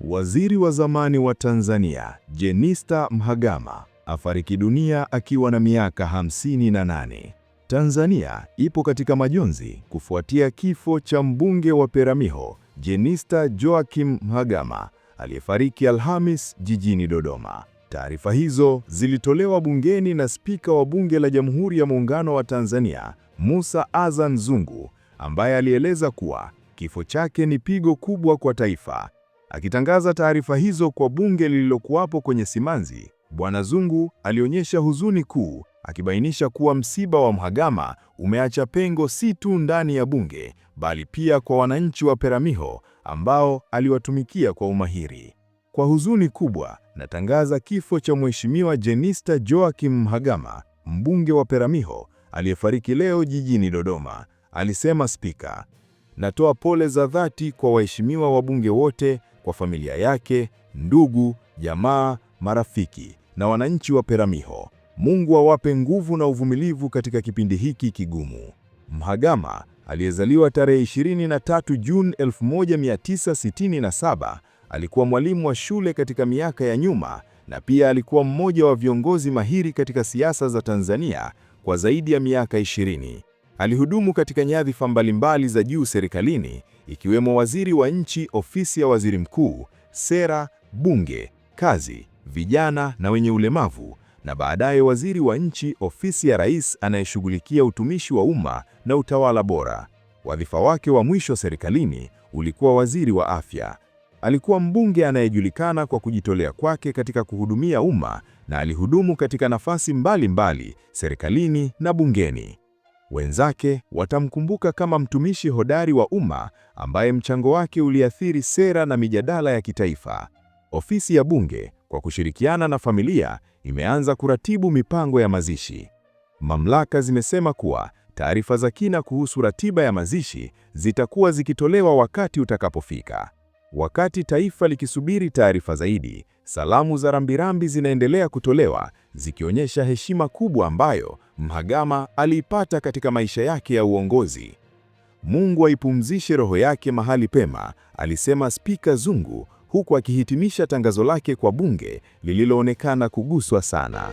Waziri wa zamani wa Tanzania, Jenista Mhagama, afariki dunia akiwa na miaka 58. Tanzania ipo katika majonzi kufuatia kifo cha mbunge wa Peramiho, Jenista Joakim Mhagama, aliyefariki Alhamis jijini Dodoma. Taarifa hizo zilitolewa bungeni na Spika wa Bunge la Jamhuri ya Muungano wa Tanzania, musa azan Zungu, ambaye alieleza kuwa kifo chake ni pigo kubwa kwa taifa Akitangaza taarifa hizo kwa bunge lililokuwapo kwenye simanzi, Bwana Zungu alionyesha huzuni kuu, akibainisha kuwa msiba wa Mhagama umeacha pengo si tu ndani ya bunge, bali pia kwa wananchi wa Peramiho ambao aliwatumikia kwa umahiri. Kwa huzuni kubwa, natangaza kifo cha Mheshimiwa Jenista Joakim Mhagama, mbunge wa Peramiho aliyefariki leo jijini Dodoma, alisema Spika. Natoa pole za dhati kwa waheshimiwa wabunge wote kwa familia yake, ndugu, jamaa, marafiki na wananchi wa Peramiho. Mungu awape wa nguvu na uvumilivu katika kipindi hiki kigumu. Mhagama aliyezaliwa tarehe 23 Juni 1967 alikuwa mwalimu wa shule katika miaka ya nyuma na pia alikuwa mmoja wa viongozi mahiri katika siasa za Tanzania kwa zaidi ya miaka 20. Alihudumu katika nyadhifa mbalimbali za juu serikalini, ikiwemo waziri wa nchi, ofisi ya waziri mkuu, sera, bunge, kazi, vijana na wenye ulemavu, na baadaye waziri wa nchi, ofisi ya rais anayeshughulikia utumishi wa umma na utawala bora. Wadhifa wake wa mwisho serikalini ulikuwa waziri wa afya. Alikuwa mbunge anayejulikana kwa kujitolea kwake katika kuhudumia umma na alihudumu katika nafasi mbalimbali mbali, serikalini na bungeni. Wenzake watamkumbuka kama mtumishi hodari wa umma ambaye mchango wake uliathiri sera na mijadala ya kitaifa. Ofisi ya Bunge kwa kushirikiana na familia imeanza kuratibu mipango ya mazishi. Mamlaka zimesema kuwa taarifa za kina kuhusu ratiba ya mazishi zitakuwa zikitolewa wakati utakapofika. Wakati taifa likisubiri taarifa zaidi, salamu za rambirambi zinaendelea kutolewa zikionyesha heshima kubwa ambayo Mhagama aliipata katika maisha yake ya uongozi. Mungu aipumzishe roho yake mahali pema, alisema Spika Zungu huku akihitimisha tangazo lake kwa bunge lililoonekana kuguswa sana.